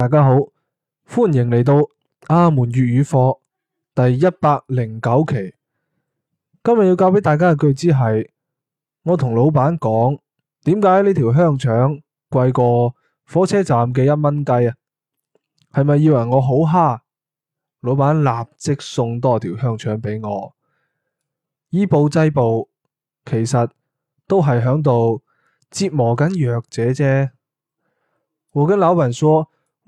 大家好，歡迎嚟到阿門粵語課第一百零九期。今日要教俾大家嘅句子係：我同老闆講，點解呢條香腸貴過火車站嘅一蚊雞啊？係咪以為我好蝦？老闆立即送多條香腸俾我。以暴制暴，其實都係響度折磨緊弱者啫。我跟老闆說。